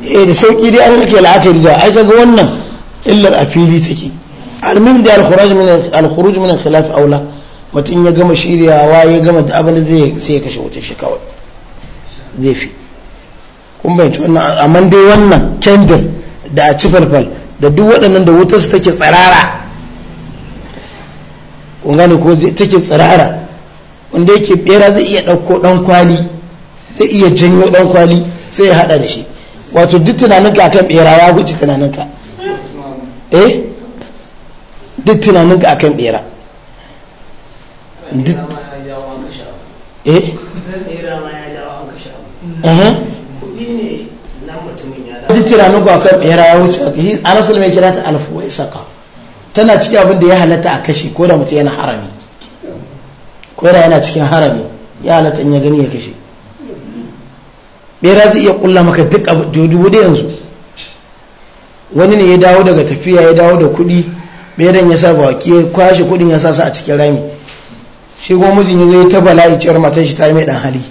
eh da sauki dai an kake la'akari da ai kaga wannan illar a fili take almin da al-khuruj min al-khuruj min al-khilaf aula mutum ya gama shiryawa ya gama da abin da zai sai ya kashe wutar shi kawai zai fi kun bayanci wannan amma dai wannan kendir da a ci falfal da duk waɗannan da wutar su take tsirara kun gane ko take tsirara wanda yake bera zai iya ɗauko ɗan kwali zai iya janyo ɗan kwali sai ya haɗa da shi wato duk tunaninka akan bera ya wuce tunaninka eh duk tunaninka akan bera duk eh duk tunaninka akan bera ya wuce ana mai kira ta alfu wai saka tana cikin abin da ya halatta a kashi ko da mutu yana harami ko da yana cikin harami ya halatta in ya gani ya kashe bera zai iya kulla maka duk abu dubu da yanzu wani ne ya dawo daga tafiya ya dawo da kuɗi beran ya sa baki ya kwashe kuɗin ya sa su a cikin rami shi kuma mijin ya ta bala'i ciyar matar shi ta yi mai dan hali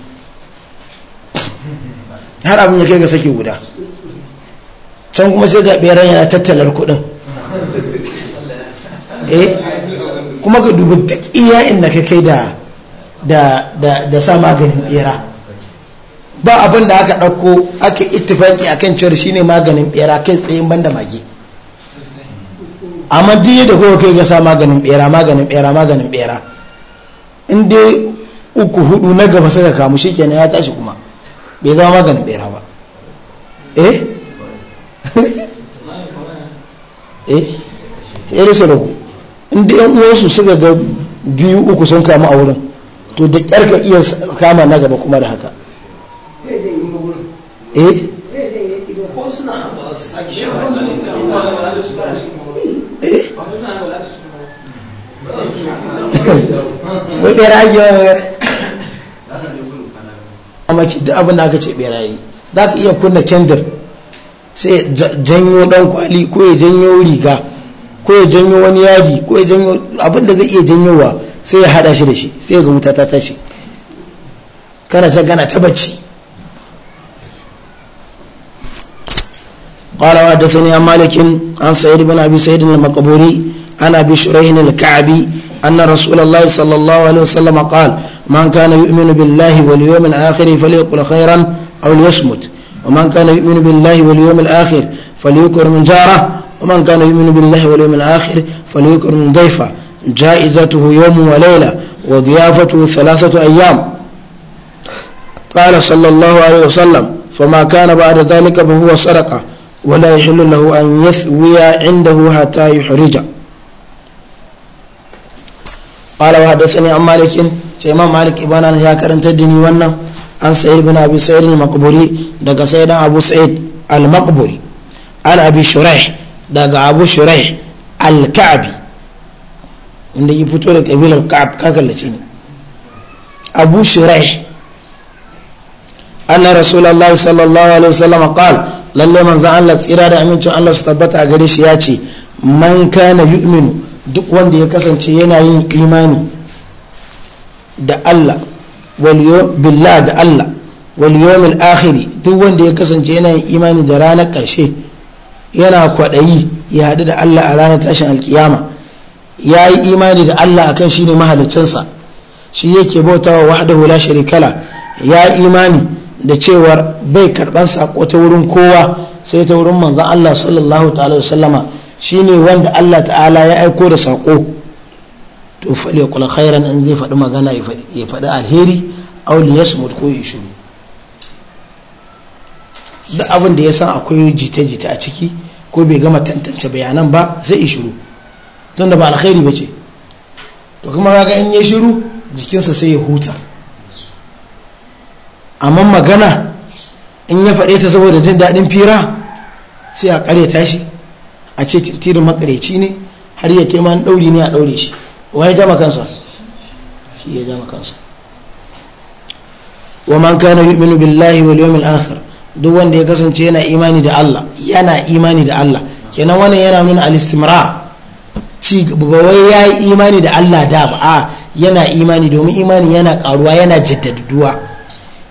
har abin ya kai ga sake guda can kuma sai ga beran yana tattalar kuɗin eh kuma ka dubi duk iya na ka kai da da da sa maganin bera ba abin da aka ɗauko ake ittifaki a kan cewar shine maganin ɓera kai ban da mage amma duk da kowa kai gasa maganin ɓera maganin ɓera maganin ɓera in dai uku hudu na gaba suka kamu shi kenan ya tashi kuma bai zama maganin ɓera ba eh eh ya rasa rahu in dai yan uwansu suka ga biyu uku sun kamu a wurin to da ƙyar ka iya kama na gaba kuma da haka e ko suna ba su sake shi ba eh? eh? duk abin da aka ce berayi za ka iya kunna kendir sai janyo dan kwali ko ya janyo riga ko ya janyo wani yadi ko ya janyo abin da zai iya janyowa sai ya haɗa shi da shi sai ga wuta ta tashi kana ta gana ta bacci قال وحدثني عن مالك عن سعيد بن ابي سعيد المقبوري عن ابي شريح الكعبي ان رسول الله صلى الله عليه وسلم قال من كان يؤمن بالله واليوم الاخر فليقل خيرا او ليصمت ومن كان يؤمن بالله واليوم الاخر فليكرم من جاره ومن كان يؤمن بالله واليوم الاخر فليكرم من ضيفه جائزته يوم وليله وضيافته ثلاثه ايام قال صلى الله عليه وسلم فما كان بعد ذلك فهو سرقه ولا يحل له أن يثوي عنده حتى يحرج قال وحدثني عن مالك إمام مالك إبانا يا كرن تدني وانا عن سعيد بن أبي سعيد المقبري دقا سيدنا أبو سعيد المقبري عن أبي شريح دقا أبو شريح الكعبي wanda ya fito da kabilar ka'ab ka kallace ne abu shuraih anna rasulullah sallallahu alaihi wasallam qala lalle manzan Allah tsira da amincin Allah su tabbata a gare shi ya ce man kana yu'minu duk wanda ya kasance yana yin imani da Allah billah da Allah wal yawmil akhiri duk wanda ya kasance yana yin imani da ranar karshe yana kwaɗayi ya haɗu da Allah a ranar tashin alkiyama ya yi imani da Allah akan shine mahalicinsa shi yake bautawa wahdahu la sharikala ya yi imani da cewar bai karban sako ta wurin kowa sai ta wurin manzon Allah sallallahu ta'ala sallama shine wanda Allah ta'ala ya aiko da sako to fali kula khairan in zai faɗi magana ya faɗi alheri aw li yasmut ko ya shiru da abin da ya san akwai jita-jita a ciki ko bai gama tantance bayanan ba zai yi shiru tun da ba alheri ba ce to kuma kaga in ya shiru jikinsa sai ya huta amma magana in ya faɗe ta saboda jin daɗin fira sai a ta shi a ce tirin makareci ne har ya kai man ɗauri ne a ɗauri shi wani jama kansa shi ya jama kansa wa man kana yu'minu billahi wal yawmil akhir duk wanda ya kasance yana imani da Allah yana imani da Allah kenan wannan yana nuna al-istimra ci gaba wai yayi imani da Allah da ba a yana imani domin imani yana karuwa yana jaddaduwa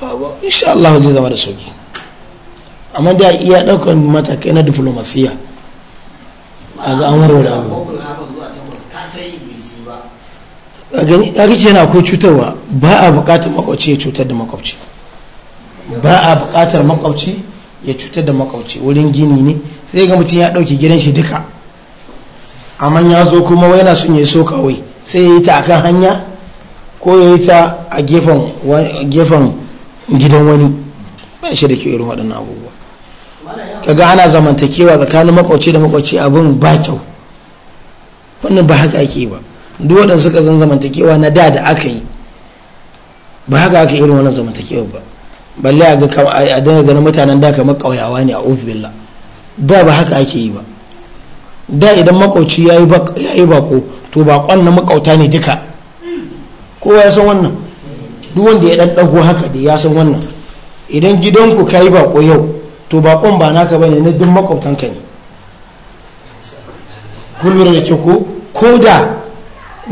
babu insha Allah zai zama da sauki amma da iya ɗaukar matakai na diplomasiya a ga an warware abu a ga ce yana ko cutarwa ba a buƙatar makwabci ya cutar da makwabci ba a buƙatar makwabci ya cutar da makwabci wurin gini ne sai ga mutum ya ɗauki gidan shi duka amma ya zo kuma wai na son ya so kawai sai ya yi ta akan hanya ko ya yi ta a gefen gidan wani ba shi da ke irin waɗannan abubuwa kaga ana zamantakewa tsakanin makwauci da makwauci abin ba kyau wannan ba haka ake ba duk waɗanda suka zan zamantakewa na da da aka yi ba haka aka irin wannan zamantakewa ba balle a ga a dinga ganin mutanen da kamar ƙauyawa ne a uzbillah da ba haka ake yi ba da idan makwauci ya yi bako to bakon na makauta ne duka kowa ya san wannan duk wanda ya dan dago haka da ya san wannan idan gidanku kai bako yau to bakon ba naka bane na duk makwabtanka ne kullum da ke ko ko da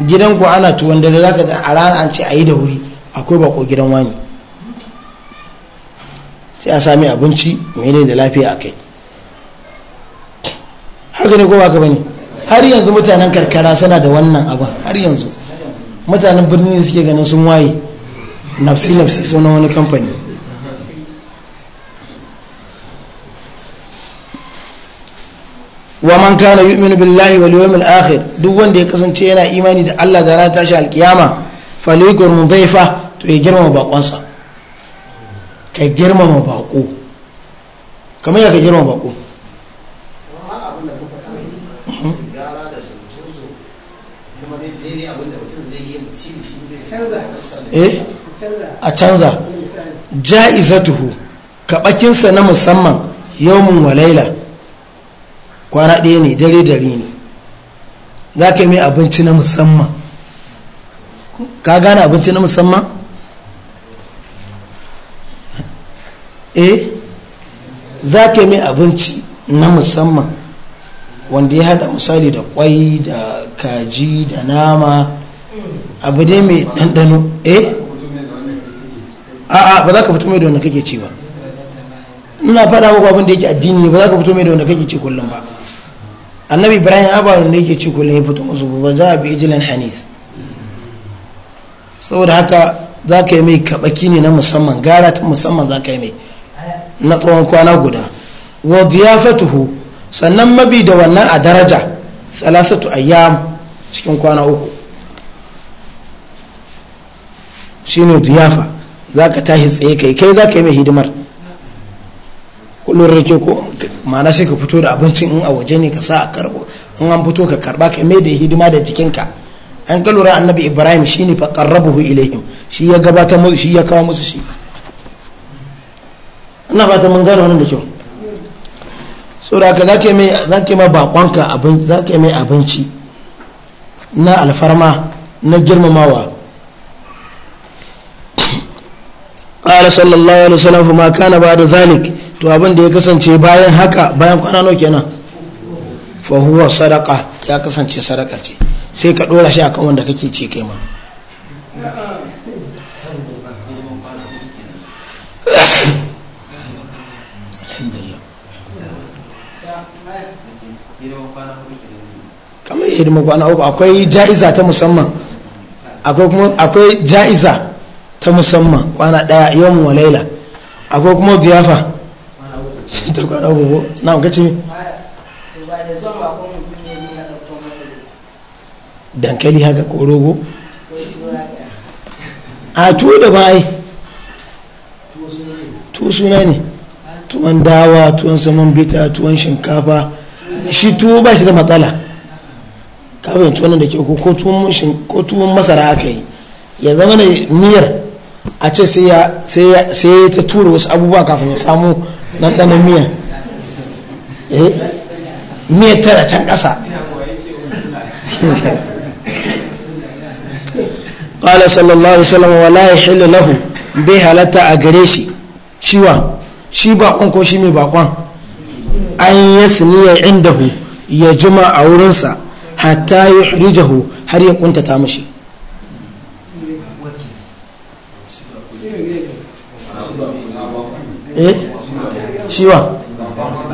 gidanku ana tuwon dare zaka da a rana an ce a yi da wuri akwai bako gidan wani sai a sami abinci mai ne da lafiya a kai haka ne ko ba ka bane har yanzu mutanen karkara suna da wannan abin har yanzu mutanen birni suke ganin sun waye nafsi nafsi sunan wani kamfani wa man kana yu'minu billahi wal yawmil akhir duk wanda ya kasance yana imani da Allah da ranar tashi alkiyama falyukrim dhayfa to ya girmama bakonsa ka girmama bako kamar ya ka girmama bako hmm? eh a canza ja'izatuhu kaɓakinsa na musamman yawmin walaila kwana ɗaya ne dare dare ne za ka mai abinci na musamman ka gane abinci na musamman eh za ka mai abinci na musamman wanda ya hada misali da kwai da kaji da nama abu dai mai ɗanɗano eh a'a ba za ka fito mai da wanda kake ce ba ina fada maka abin da yake addini ne ba za ka fito mai da wanda kake ce kullum ba annabi ibrahim abalun da yake ce kullum ya fito musu ba za a bi ijilan hanis saboda haka za ka yi mai kaɓaki ne na musamman gara ta musamman za ka yi mai na tsawon kwana guda wa ziyafatuhu sannan mabi da wannan a daraja salasatu ayyam cikin kwana uku shine ziyafa za ka tashi tsaye kai kai za ka yi mai hidimar kullum rike ko ma'ana sai ka fito da abincin in a waje ne ka sa a karbo in an fito ka karba ka mai da hidima da jikinka an ka lura annabi ibrahim shi ne faƙarrabuhu ilaihim shi ya gabata musu shi ya kawo musu shi ina fata mun gano wannan da kyau saboda ka za ka mai za ka bakonka abinci za ka mai abinci na alfarma na girmamawa qala sallallahu alaihi wasallam fa ma kana da zalik to abin da ya kasance bayan haka bayan kwana nawa kenan fa huwa sadaqa ya kasance sadaka ce sai ka dora shi akan wanda kake ci kai ma kamar hidima kwana uku akwai ja'iza ta musamman akwai ja'iza ta musamman kwana ɗaya yawan wa laila akwai kuma ziyafa ta kwana gobe na ga ce dankali haka ko a tuwo da bai tuwo suna ne tuwon dawa tuwon saman bita tuwon shinkafa shi tuwo ba shi da matsala kafin tuwon da ke ko tuwon masara aka yi ya zama da miyar a ce sai ya ta tura wasu abubuwa kafin ya samu ɗanɗanon miya eh miya tara can ƙasa sallallahu صلى الله عليه ya hila lahu bai halatta a gare shi baƙon ko shi mai bakon an ya siniya indahu ya juma a wurinsa hatta ya rijahu har ya kuntata mashi Eh? shiwa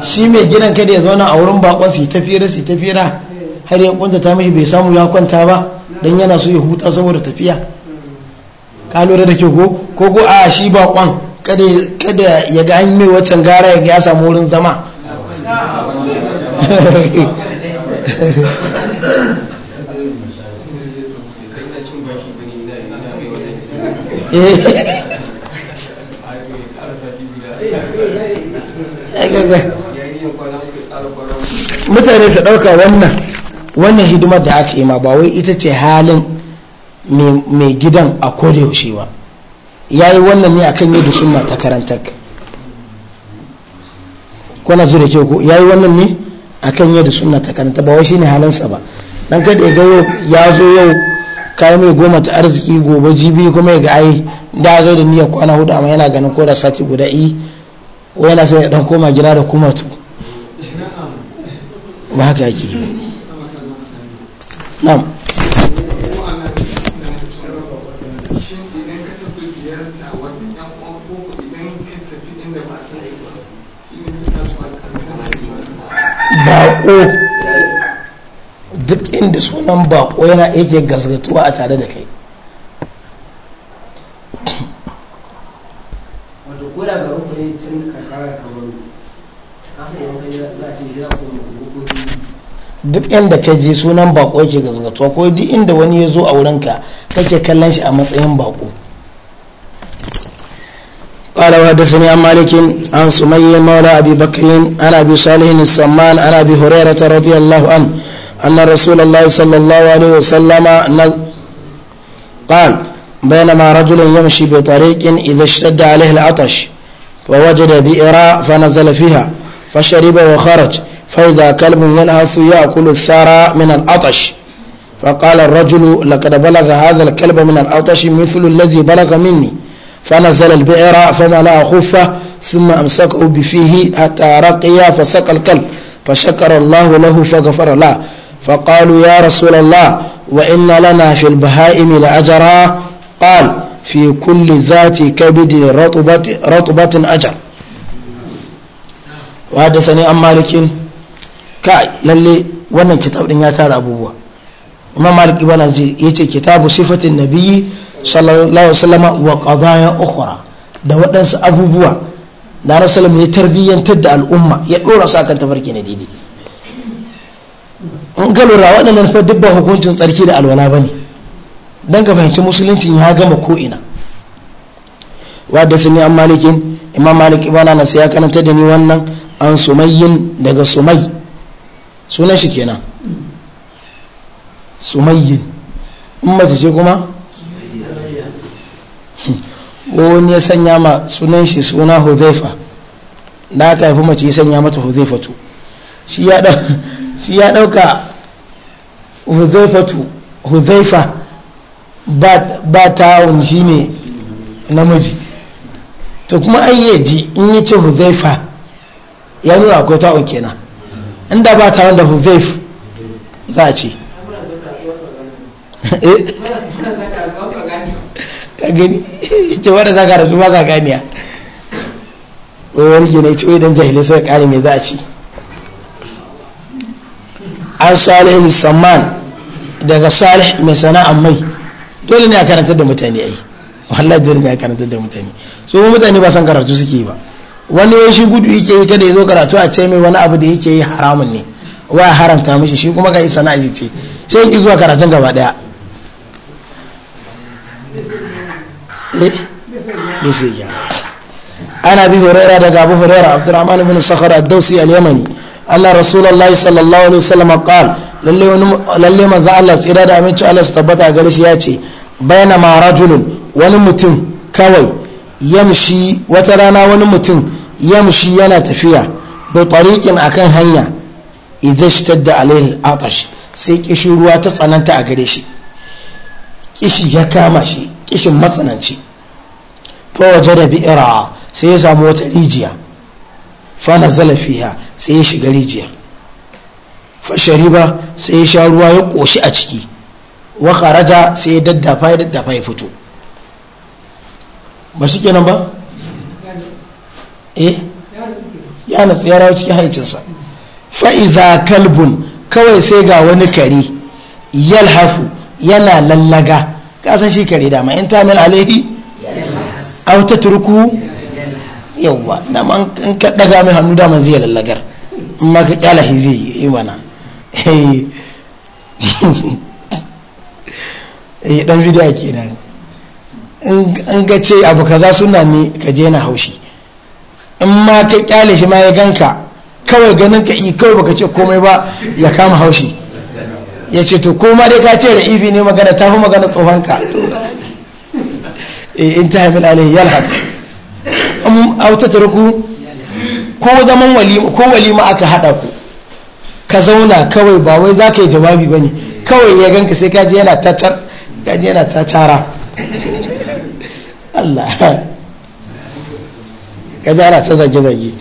shi mai gidan kada ya zauna a wurin bakon su tafira su tafira har ya kunta ta mishi bai samu ya kwanta ba don yana so ya huta saboda tafiya ka lura da ke ko ko ko a shi bakon kada ya ga an waccan gara ya samu wurin zama eh mutane su ɗauka wannan wannan hidimar da aka yi ma ba wai ita ce halin mai gidan a koda yaushe ba ya yi wannan ne akan yadda sunna ta karantar kuna da ko ya yi wannan ne akan yadda sunna ta karantar ba wai ne halinsa ba dan kada ya ga yau ya zo yau kayan mai goma ta arziki gobe jibi kuma ya ga ai da zo da niyyar kwana hudu amma yana ganin ko da sati guda iya wa yana sai ya dan koma gida da kumatu ba haka yake na'am bako duk inda sunan bako yana yake gasgatuwa a tare da kai duk inda ka je sunan bako yake gazgatuwa ko duk inda wani ya zo a wurinka kake kallon shi a matsayin bako قال وحدثني عن مالك عن سمي مولى ابي بكر عن ابي صالح السمان عن ابي هريره رضي الله عنه ان رسول الله صلى الله عليه وسلم قال بينما رجل يمشي بطريق اذا اشتد عليه العطش ووجد بئرا فنزل فيها فشرب وخرج فإذا كلب ينهث يأكل الثرى من العطش فقال الرجل لقد بلغ هذا الكلب من العطش مثل الذي بلغ مني فنزل البئر لا خفه ثم أمسكه بفيه حتى رقي فسقى الكلب فشكر الله له فغفر له فقالوا يا رسول الله وإن لنا في البهائم لأجرا قال في كل ذات كبد رطبة, رطبة أجر وحدثني عن مالكين kai lalle wannan kitab din ya tara abubuwa imam malik ibn ji yace kitabu sifatin nabiyyi sallallahu alaihi wasallam wa qadaya ukhra da waɗansu abubuwa da rasulullahi ya tarbiyyantar da al'umma ya dora su akan tafarki na daidai in ka lura waɗannan fa dubba hukuncin tsarki da alwala bane dan ka fahimci musulunci ya gama ko ina wa da sunni an malikin imam malik ibn anas ya karanta da ni wannan an sumayyin daga sumai sunan shi kenan sumayyin in mace ce kuma wani ya sanya ma sunan shi suna hudhaifa da aka haifi mace ya sanya mata hudhaifatu shi ya dauka hudhaifatu hudhaifa ba tawon shi ne namiji to kuma an yi ji in yi ce hudhaifa ya nuna akwai ta'un kenan inda ba tare da huzaif za a ce eh? ka ce wadda za ka rasu ba za ganiya tsohon gina ya ce idan jahilai suka kare mai za a ce an salih saman daga salih mai sana'a mai dole ne a karanta da mutane ai wallah dole ne a karanta da mutane su mutane ba san karatu suke ba wani shi gudu yake yi ta da ya zo karatu a ce mai wani abu da yake yi haramun ne wa haramta mishi shi kuma ga isa na ce sai yake zuwa karatun gaba daya eh, ana bi huraira da abu huraira abdurrahman bin sakhar ad-dawsi al-yamani anna rasulullahi sallallahu alaihi wasallam qala lalle manzo Allah tsira da aminci Allah su tabbata a gare shi ya ce bayna ma rajulun wani mutum kawai yamshi wata rana wani mutum yamshi yana tafiya ba tariqin akan hanya idan shi alaihi al-atash sai kishin ruwa ta tsananta a gare shi kishi ya kama shi kishin matsananci waje da bi'ra sai ya samu wata rijiya fana zalafiya sai ya shiga rijiya fa ba sai ya sha ruwa ya koshi a ciki wa sai ya daddafa ya daddafa ya fito ba shi kenan ba E ya nutsu ya rawo cikin haicinsa fa'iza kalbun kawai sai ga wani kare yalhafu yana lallaga kasan shi kare dama in tamil alaihi au ta turku yauwa dama in ka daga mai hannu dama zai lallagar amma ka kyala shi zai yi mana eh dan eh, bidiya kenan in ga ce abu kaza suna ne ka je na haushi in ma ka kyale shi ma ya ganka kawai ganin ka kawai baka ce komai ba ya kama haushi ya ce to koma dai ka ce da ifi ne magana ta fi magana tsofanka eh, in ta haifin alayhi yalhaq in auta ta ruku ko zaman walima ko walima aka hada ku ka zauna kawai ba wai za ka yi jawabi ba ne kawai ya ganka sai kaji yana yana ta cara Allah ya ana ta zage-zage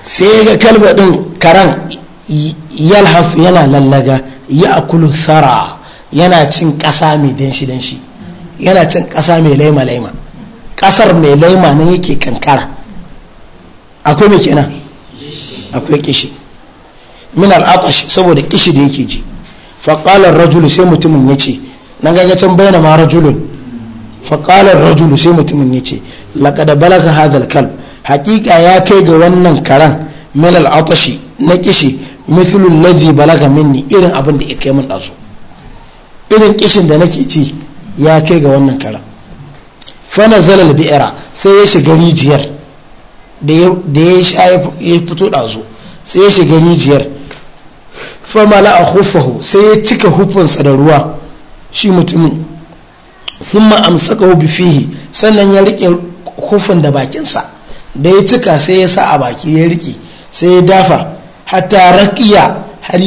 sai ga kalba din karan yalhaf yana lallaga ya akulu tsara yana cin kasa mai danshi-danshi yana cin kasa mai laima-laima ƙasar mai laima nan yake kankara akwai mai kenan akwai kishi min al'atash saboda kishi da yake ji faƙalar rajulu sai mutumin ya ce na gagacin bayyana ma rajulun faƙalar rajulu sai mutumin ya ce laƙada balaga hadal kal haƙiƙa ya kai ga wannan karan min al'atashi na kishi mithlul ladhi balaga minni irin abin da ya kai min ɗazu irin kishin da nake ci ya kai ga wannan karan fana zalal bi'ira sai ya shiga rijiyar da ya sha ya fito ɗazu sai ya shiga rijiyar famala a hufahu sai ya cika hufinsa da ruwa shi mutumin sun amsakahu bi fihi sannan ya rike kofin da bakinsa da ya cika sai ya sa a baki ya rike sai ya dafa hatta raƙiya har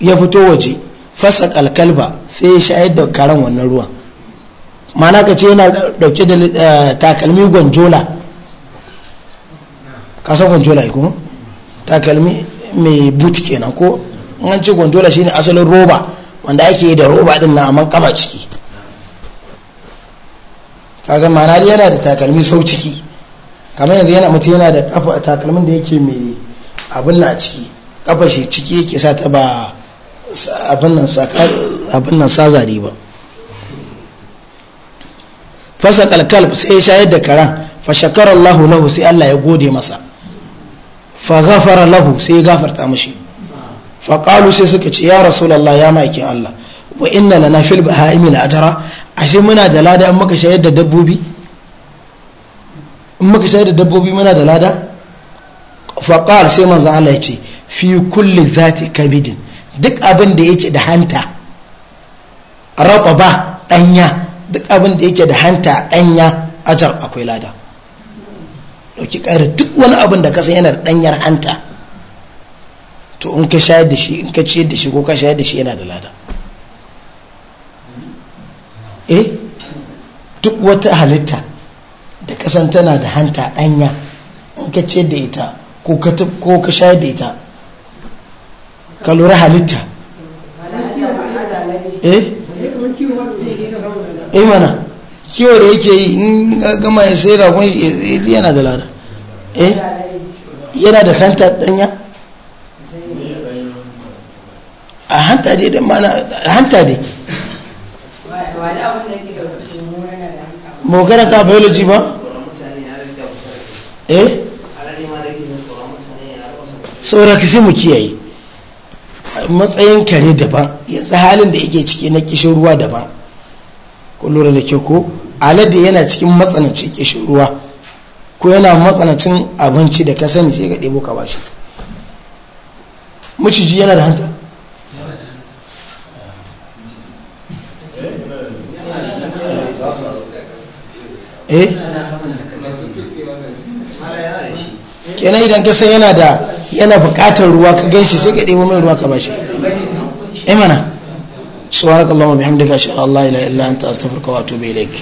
ya fito waje fasa kalkalba sai ya shayar da karan wannan ruwan mana ka ce yana dauke da eh, takalmi gwanjola kasa gwanjola ko takalmi mai boot kenan ko an ce gwanjola shine asalin roba wanda ake yi da roba din na amman kama ciki kaga ma'ana yana da takalmi sau ciki kamar yanzu yana mutum yana da kafa takalmin da yake mai abin na ciki kafa shi ciki yake sa ta ba abin nan sa zari ba fasa kalkal sai ya shayar da karan fa shakar Allahu lahu sai Allah ya gode masa fa gafara lahu sai ya gafarta mashi fa kalu sai suka ce ya rasu lallah ya maikin Allah wa inna filba fil baha'imi la ajra ashe muna da lada in maka shayar da dabbobi in maka shayar da dabbobi muna da lada fa sai manzo Allah ya ce fi kulli zati kabidin duk abin da yake da hanta rataba danya duk abin da yake da hanta danya ajar akwai lada dauki ƙara duk wani abin da kasan yana da danyar hanta to in ka shayar da shi in ka ciyar da shi ko ka shayar da shi yana da lada eh duk wata halitta da kasan tana da hanta ɗanya in ka ce da ita ko ka sha da ita ka lura halitta eh eh mana kiwo da yake yi in gama ya sai ragon yana da lada eh yana da hanta ɗanya a hanta dai da mana hanta dai ta karanta biology ba eh saura ka sai mu kiyaye matsayin kare daban yanzu halin da yake ciki na kishin ruwa daban ko lura da ke ko alade yana cikin matsanancin kishin ruwa ko yana matsanancin abinci da ka sani sai ka ɗebo ka bashi maciji yana da hanta eh kenan idan ka san yana da yana bukatar ruwa ka ganshi sai ka ɗebo mai ruwa ka bashi imana eh subhanakallahumma bihamdika ashhadu an la ilaha illa anta astaghfiruka wa atubu ilaik